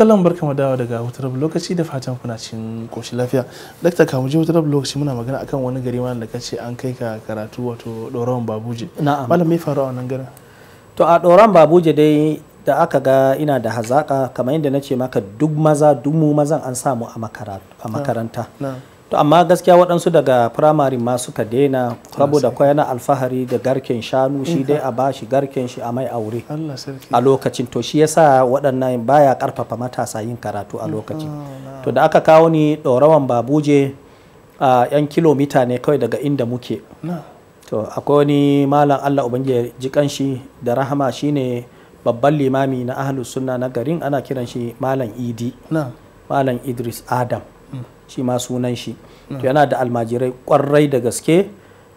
kallon barka mu dawo daga wutar lokaci da fatan kuna cin koshi lafiya dakta kamu je wutar lokaci muna magana akan wani gari ma da kace an kai ka karatu wato dorawan babuje na'am malam me faru a wannan garin to a doron babuje dai da aka ga ina da hazaka kamar yadda na ce maka duk maza duk mu mazan an samu a makaranta to amma gaskiya waɗansu daga firamare ma suka daina saboda kwaya na alfahari da garken shanu shi dai a bashi garken shi a mai aure a lokacin to shi yasa waɗannan baya karfafa matasa yin karatu a lokacin oh, to da aka kawo ni ɗorawan babuje a yan kilomita ne kawai daga inda muke to akwai wani malam allah ubangiji jikan shi da rahama shine babban limami na ahlus sunna na garin ana kiran shi malam idi malam idris adam shi ma sunan shi to hmm. yana da almajirai kwarai da gaske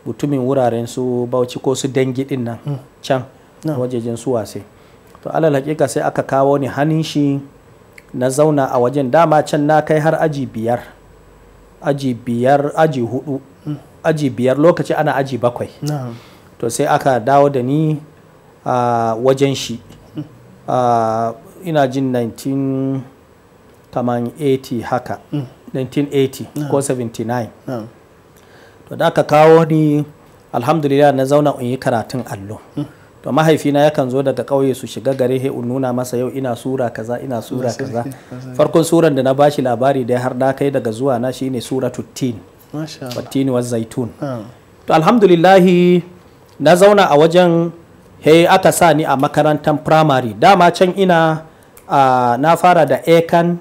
mutumin wuraren su bauchi ko su dangi din nan hmm. can hmm. wajejen su wase to alal hakika sai aka kawo ni hannun shi na zauna a wajen dama can na kai har aji biyar aji biyar aji hudu aji biyar lokaci ana aji bakwai to sai aka dawo da ni a wajen shi ina jin 1980 haka 1980 ko 79 to da aka kawo ni alhamdulillah na zauna in yi karatun allo hmm. to mahaifina yakan zo daga ƙauye su shiga gare he in nuna masa yau ina sura kaza ina sura kaza farkon suran da na bashi labari da har na kai daga zuwa na shine suratu tin wattini wa zaitun to alhamdulillahi na zauna a wajen he aka sa ni a makarantar primary dama can ina na fara da ekan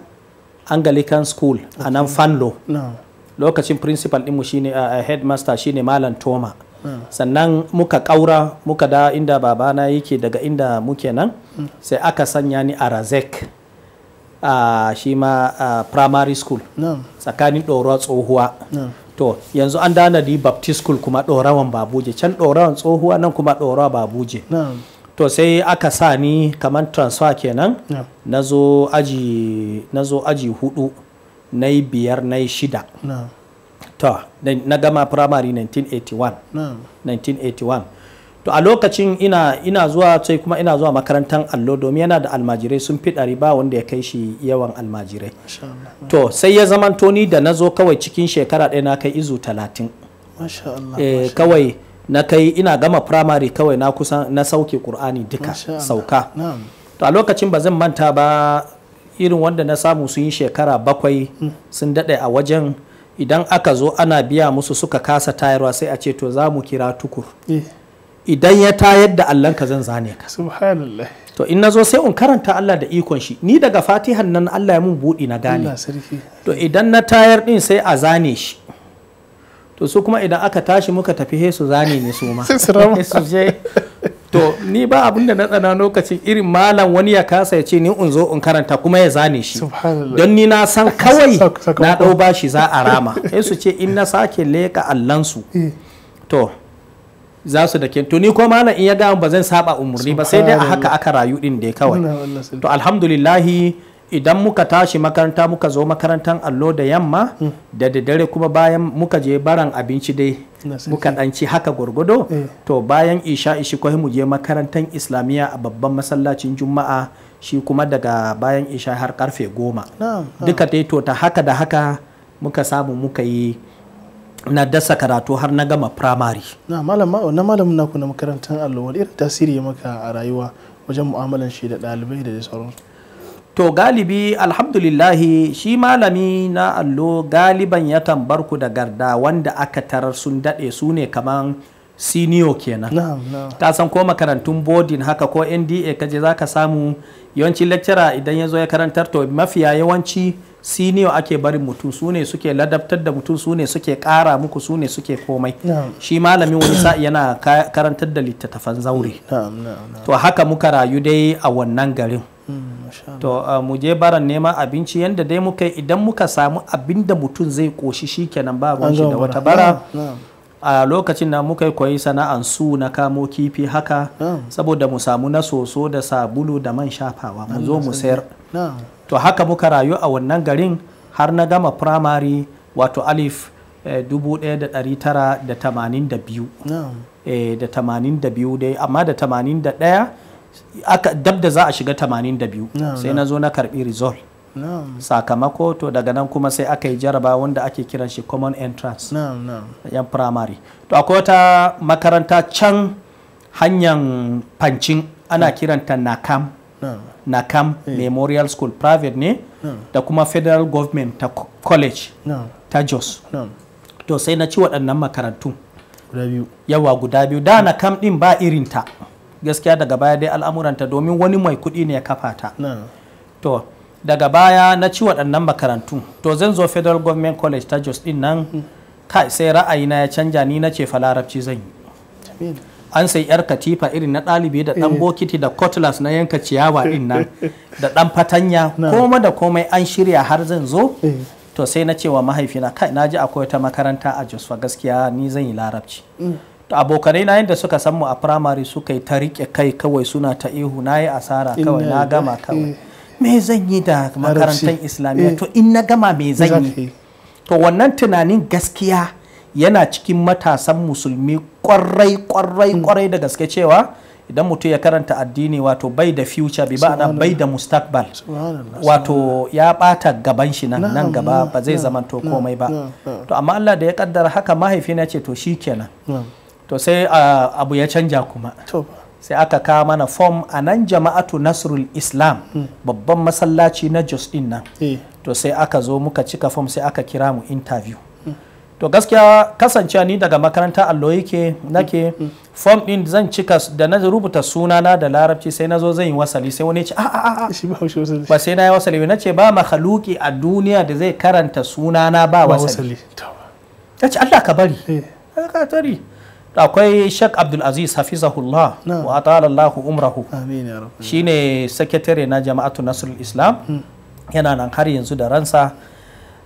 Anglican School a nan Fanlo. Lokacin principal ɗinmu shine a headmaster shine Malam Toma. Sannan muka ƙaura muka da inda babana yake daga inda muke nan mm. sai aka sanya ni a Razek. a shi ma primary school tsakanin ɗorawa tsohuwa to yanzu an dana di baptist school kuma ɗorawan babuje can ɗorawan tsohuwa nan kuma ɗorawa babuje to sai aka sa ni kamar transfer kenan na zo aji, aji hudu na yi biyar na yi shida to na gama primary 1981 1981 to a lokacin ina, zuwa sai kuma ina zuwa makarantar allo domin yana da almajirai sun fi ɗari ba wanda ya kai shi yawan almajirai to sai ya zama toni da na zo kawai cikin shekara ɗaya na kai izu talatin eh, kawai na kai ina gama primary kawai na kusa na sauke qur'ani duka sauka to a lokacin ba zan manta ba irin wanda na samu sun yi shekara bakwai mm. sun daɗe a wajen idan aka zo ana biya musu suka kasa tayarwa sai a ce to za mu kira tukur eh. idan ya tayar da allon ka zan zane ka to in nazo sai in karanta Allah da ikon shi ni daga fatihan nan Allah ya mun buɗi na gane to idan na tayar din sai a zane shi to su kuma idan aka tashi muka tafi su zane ne su ma to ni ba abin da na tsana lokacin irin malam wani ya kasa ya ce ni in zo in karanta kuma ya zane shi don ni na san kawai na ɗau bashi za a rama sai su ce in na sake leka allansu eh. to za su da to ni ko malam in ya gamu ba zan saba umarni ba sai dai a haka aka rayu din dai kawai to alhamdulillahi idan muka tashi makaranta muka zo makarantar allo da yamma mm. da daddare kuma bayan muka je baran abinci dai muka ɗanci haka gwargwado eh. to bayan isha ishi muje mu je makarantar islamiyya a babban masallacin juma'a shi kuma daga bayan isha har karfe goma duka dai to ta haka da haka muka samu muka yi na dasa karatu har na gama firamare. na malamin naku na makarantar allo wani irin tasiri ya maka a rayuwa wajen mu'amalan shi da ɗalibai da sauransu to galibi alhamdulillahi shi malami na allo galiban ya tambar ku da garda wanda aka tarar sun daɗe su ne kaman siniyo kenan no, no. ka san ko makarantun boarding haka ko nda kaje za ka samu yawancin lecturer idan ya zo ya karantar to mafiya yawanci siniyo ake barin mutum su ne suke ladabtar da mutum su ne suke kara muku su ne suke komai no. shi malami wani sa'i yana karantar da littattafan zaure to haka muka rayu dai a wannan garin to eh, mu je baran nema abinci yanda dai muka idan muka samu abin da mutum zai koshi shikenan ba ruwan shi da wata bara a lokacin na muka koyi sana'an su na kamo kifi haka saboda mu samu na soso da sabulu da man shafawa mu zo mu sayar to haka muka rayu a wannan garin har na gama firamare wato alif 1982 eh, da 82 eh, dai amma da 81 aka dab da za a shiga 82 sai na zo na karbi result sakamako to daga nan kuma sai aka yi jaraba wanda ake kiran shi common entrance yan primary to akwai wata makaranta can hanyar pancin ana kiranta nakam nakam eh. memorial school private ne da kuma federal government ta college ta jos to sai na ci waɗannan makarantu yawa guda biyu da nakam ɗin ba irinta gaskiya daga baya dai al'amuranta domin wani mai kuɗi ne ya kafa ta to daga baya na ci waɗannan makarantu to zan zo federal government college ta jos din nan hmm. kai sai ra'ayi na ya canja ni na ce falarabci zan yi an sai yar katifa irin na ɗalibi da ɗan eh. bokiti da cutlass na yanka ciyawa din nan da ɗan fatanya koma da komai an shirya har zan zo eh. to sai na cewa mahaifina kai na ji akwai wata makaranta a jos fa gaskiya ni zan yi larabci hmm. to abokanai na yadda suka san mu a primary suka yi ta rike kai kawai suna ta ihu na yi asara kawai na gama kawai eh. me zan yi da makarantar islamiyya eh. to in na gama me zan yi to wannan tunanin gaskiya yana cikin matasan musulmi kwarai kwarai kwarai mm. da gaske cewa idan mutum ya karanta addini wato bai da future bi nan bai da mustakbal wato ya bata gaban shi nan nan gaba ba zai zamanto komai ba to amma Allah da ya kaddara haka mahaifina ce to shikenan to sai uh, abu ya canja kuma sai aka kawo mana fom a nan jama'atu nasrul islam hmm. babban masallaci na jos din nan eh. to sai aka zo muka cika fom sai aka kira mu interview hmm. to gaskiya kasancewa ni daga makaranta allo yake hmm. nake hmm. form fom din zan cika da na rubuta sunana da larabci sai na zo zan yi wasali sai wani ce a a a ba sai na yi wasali na ce ba mahaluki a duniya da zai karanta sunana ba wasali ya ce Allah ka bari eh. ka tari akwai shek abdulaziz hafizahullah wa atalallahu umrahu shine sakatare na jama'atu nasrul islam hmm. yana nan har yanzu da ransa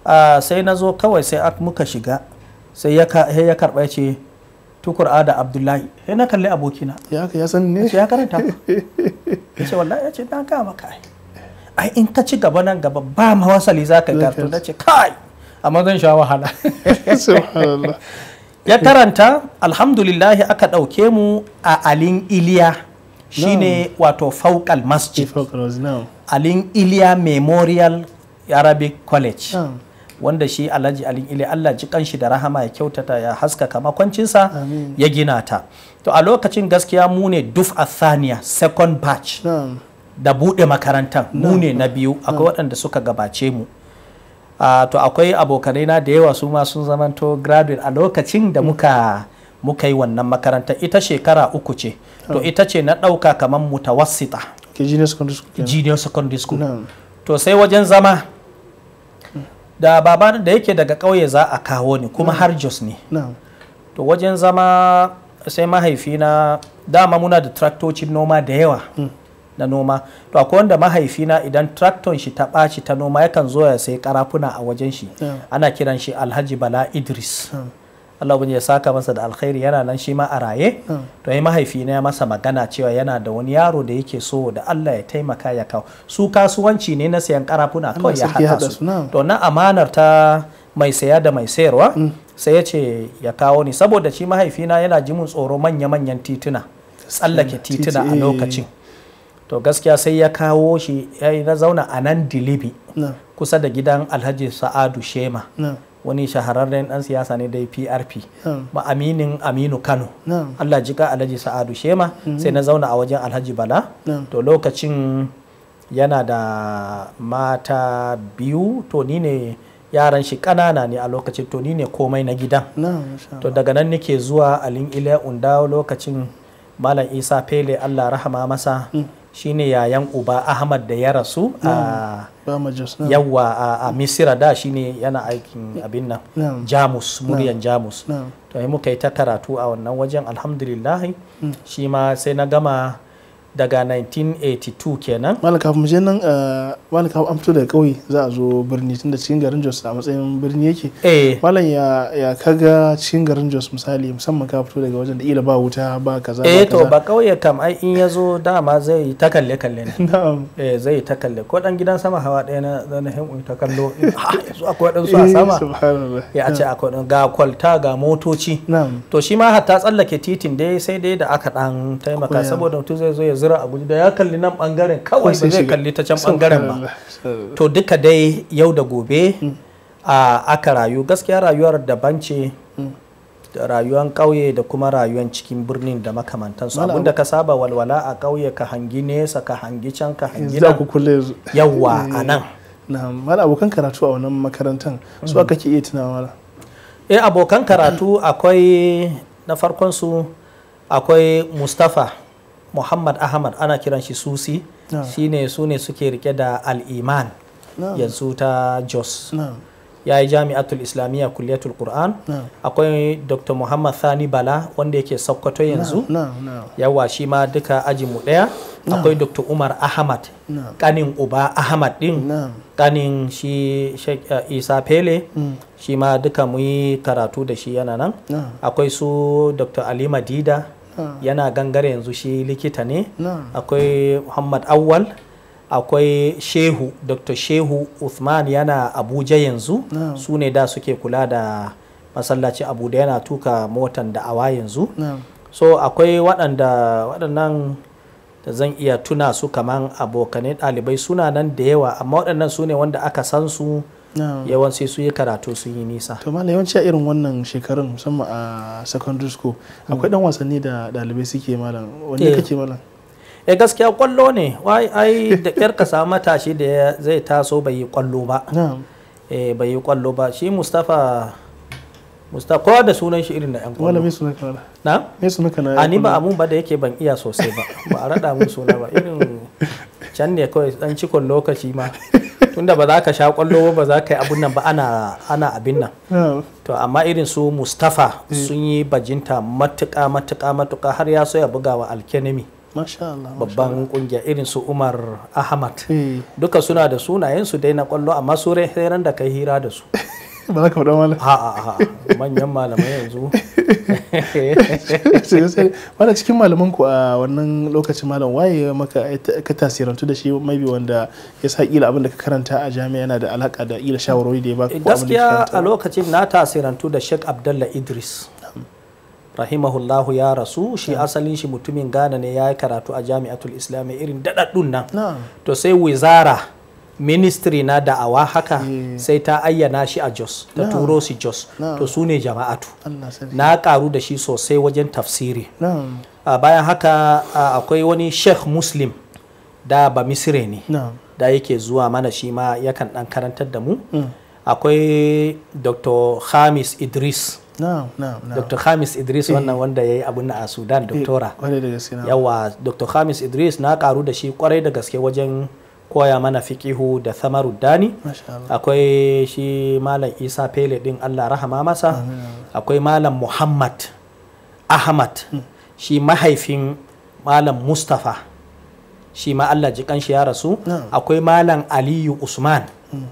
ah, sai na zo kawai sai muka shiga sai ya karɓa ce tukur'a da abdullahi sai na kalli abokina ya san ne ya karanta ya ce wallahi ya ce na ga maka ai ai in ka ci gaba nan gaba ba ma wasali za ka karto na ce kai amma zan sha wahala subhanallah ya taranta alhamdulillahi aka ɗauke mu a alin iliya shine wato faukal masjid alin iliya memorial arabic college wanda shi alhaji alin iliya allah ji kanshi da rahama ya kyautata ya haskaka makwancinsa ya gina ta to a lokacin gaskiya mu ne duf athaniya second batch da buɗe makarantar mu ne na biyu akwai waɗanda suka gabace mu uh, to akwai abokanai na da yawa su ma sun zamanto graduate a lokacin da muka muka yi wannan makaranta ita shekara uku ce to hmm. ita ce na ɗauka kamar mutawassita junior secondary school, hmm. to sai wajen zama hmm. da baban da yake daga ƙauye za a kawo ni kuma no. har jos ne to wajen zama sai mahaifina dama muna da traktocin noma da yawa mm. na noma to akwai wanda mahaifina idan trakton shi ta ɓaci ta noma yakan zo ya sai karafuna a wajen shi ana kiran shi alhaji bala idris Allah ya saka masa da alkhairi yana nan shi ma a raye to ai mahaifina ya masa magana cewa yana da wani yaro da yake so da Allah ya taimaka ya kawo su kasuwanci ne na sayan karafuna kawai ya haɗa su to na amanar ta mai saya da mai sayarwa mm. sai ya ce ya kawo ni saboda shi mahaifina yana jimin tsoro manya-manyan tituna tsallake tituna a eh. lokacin to gaskiya sai ya kawo shi ya zauna a nan dilibi kusa da gidan alhaji sa'adu shema wani shahararren dan siyasa ne dai PRP ba aminin Aminu Kano Allah jika Alhaji Sa'adu Shema mhm. sai na zauna a wajen Alhaji Bala to lokacin yana da mata biyu to ni ne yaran shi kanana ne a lokacin to ni ne komai na gidan to daga nan nike zuwa alin iliya undawo lokacin malam isa fele allah rahama masa mm. shine yayan uba ahmad da ya rasu a mm. yawa a misira da shine yana aikin abin nan jamus muryan jamus to muka yi ta karatu a wannan wajen alhamdulillah mm. shi ma sai na gama daga 1982 kenan Malaka kafin mu je nan eh, malaka an fito daga kauye za a zo birni tunda cikin garin Jos a matsayin birni yake eh malam ya ya kaga cikin garin Jos misali musamman ka fito daga wajen da ila ba wuta ba kaza ba kaza. eh to ba kauye kam ai in ya zo dama zai ta kalle kalle ne na'am eh zai ta kalle ko dan gidan sama hawa ɗaya na zan hin ta kallo yanzu akwai dan su a eh, sama subhanallah ya ce akwai ga kwalta ga motoci na'am to shi ma hatta tsallake titin dai sai dai da aka dan taimaka saboda mutum zai zo ya zira a guji da ya kalli nan bangaren kawai ba zai kalli ta can bangaren ba to duka dai yau da gobe mm. a aka rayu gaskiya rayuwar daban ce mm. rayuwan ƙauye da kuma rayuwan cikin birnin da makamantansu abinda ka saba walwala a ƙauye ka hangi nesa ka hangi can ka hangi nan yawwa a nan na mala abokan karatu a wannan makarantar su aka mm. ke iya tunawa eh abokan karatu akwai na farkon su akwai mustafa muhammad ahmad ana kiran shi susi shine su ne suke rike da al'iman yanzu ta jos ya yi jami'atul islamiyya kulliyatul qur'an akwai dr muhammad thani bala wanda yake sokoto yanzu yawa shi ma duka ajinmu ɗaya akwai dr umar ahmad kanin uba ahmad din kanin shi eh, isa pele mm. shi ma duka mu yi karatu da shi yana nan akwai su dr ali madida Ah. yana gangare yanzu shi likita ne akwai muhammad awwal akwai shehu dr shehu uthman yana abuja yanzu su ne da suke kula da masallaci abu da yana tuka motan da awa yanzu so akwai waɗanda waɗannan da zan iya tuna su kaman abokanai ɗalibai suna nan da yawa amma waɗannan su ne wanda aka san su yawanci su yi karatu sun yi nisa to malam yawanci a irin wannan shekarun musamman a secondary school mm. akwai dan wasanni da dalibai suke malam wanda eh. kake malam e gaskiya kwallo ne wai ai da kyar ka sa matashi da zai taso bai yi kwallo ba e bai yi kwallo ba shi Mustapha Mustapha kowa da sunan shi irin da yan kwallo. Wala me sunan kanada Na? Me sunan a Ani ba amun ba da yake ban iya sosai ba. Ba a rada mun suna ba irin can ne kawai dan cikon lokaci ma tunda ba za ka sha kwallo ba za ka yi abun nan ba ana abin nan to amma irin su mustafa sun yi bajinta matuka matuka matuka har ya so ya buga wa alkenemi babban kungiya irin su umar ahmad eh. duka suna da sunayen su dai na kwallo amma su ran da kai hira da su ba za ka faɗa malam a a manyan malamai yanzu wanda cikin malaman ku a wannan lokacin malam waye maka ka tasirantu da shi maybe wanda ya sa kila abin da ka karanta a jami'a yana da alaka da kila shawarwari da ya baka ku abin da gaskiya a lokacin na tasirantu da Sheikh Abdullah Idris rahimahullahu ya rasu shi asalin shi mutumin Ghana ne ya yi karatu a jami'atul Islamiyya irin dadaddun nan to sai wizara ministry na da'awa haka sai ta ayyana shi a jos ta turo si jos to su ne jama'atu na karu da shi sosai wajen tafsiri a bayan haka akwai wani sheikh muslim da ba misire ne da yake zuwa mana shi ma yakan dan karantar da mu mm. akwai dr hamis idris Dr. Khamis Idris eh. wannan wanda ya yi abin a Sudan, eh, doktora. Yawa, Dr. Khamis Idris na karu da shi kwarai da gaske wajen koya mana fiƙihu da samaru dani akwai shi malam isa fele din allah rahama masa akwai malam muhammad ahmad hmm. shi mahaifin malam mustapha shi ma allah jikan shi ya rasu akwai malam aliyu usman hmm.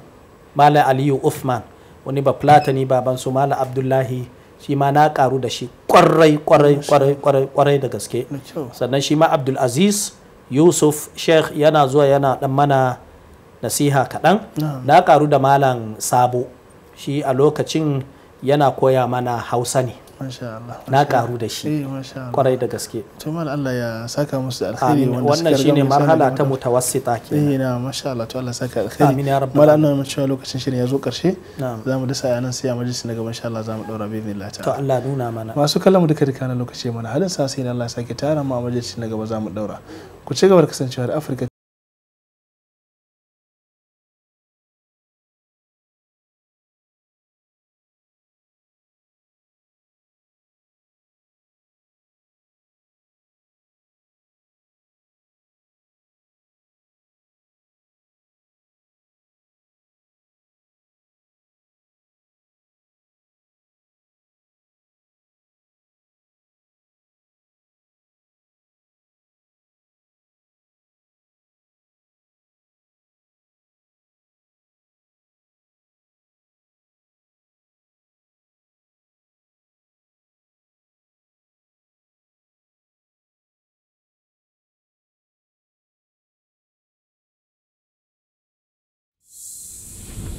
malam aliyu usman wani ba platani baban su malam abdullahi shi ma na karu da shi kwarai kwarai kwarai kwarai da gaske sannan shi ma abdul aziz yusuf sheikh yana zuwa yana dan mana nasiha kaɗan na karu da malam sabo shi a lokacin yana koya mana hausa ne na karu da shi eh, kwarai da gaske tumar Allah ya saka musu alkhairi wannan shine marhala ta mutawassita ke eh na masha Allah to Allah saka alkhairi amin ya rabbal alamin mun cewa lokacin shirin ya zo karshe za mu dasa yanan sai a majalisi na gaba insha Allah zamu daura bi Allah ta to Allah nuna mana masu kallon mu duka duka na lokaci mana halin sa sai Allah sake tara mu a daga ba za mu daura ku ci gaba da kasancewa da Afirka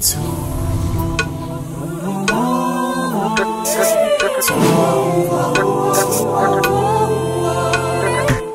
oh, oh